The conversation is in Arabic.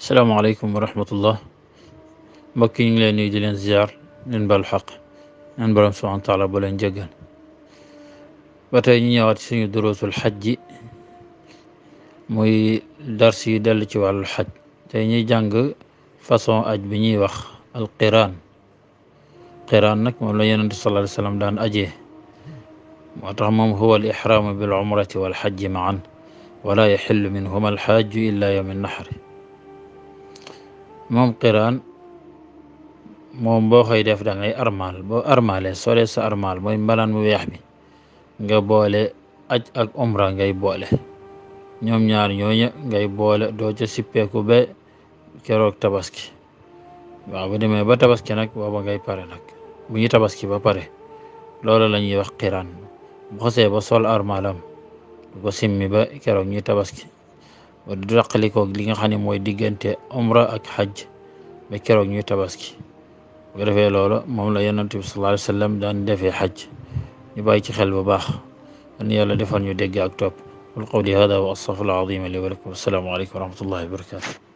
السلام عليكم ورحمة الله مكين لاني جلين زيار لين بالحق لين برم سبحانه وتعالى بولين جگن باتاين نيوات سنو دروس الحج موي درس يدل على الحج تاين جانج فصون أجبني بني وخ القران قران نك مولا ينبي صلى الله عليه وسلم دان اجي وتمام هو الإحرام بالعمرة والحج معا ولا يحل منهما الحاج إلا يوم النحر moom qiraan moom boo koy def da ngay armaal boo armaale sole sa armaal mooy mbalaan mu weex bi nga boole aj ak umra ngay boole ñoom ñaar ñooñu ngay boole doo ca sippeeku ba keroog tabaski waaw bu demee ba tabaski nag booba ngay pare nag bu ñu tabaski ba pare loolu la wax qiraan bu xasee ba sol armaalam du simi simmi ba keroog ñuy tabaski ودرقليكو لي خا خاني موي ديغنتي عمره اك حج بكرو نيو تاباسكي ورفي لولو موم لا يونتي صلى الله عليه وسلم دان ديفي حج ني باي سي خيل بو باخ ان يالا ديفال نيو ديغ اك توب القول هذا واصف العظيم لي ولكم السلام عليكم ورحمه الله وبركاته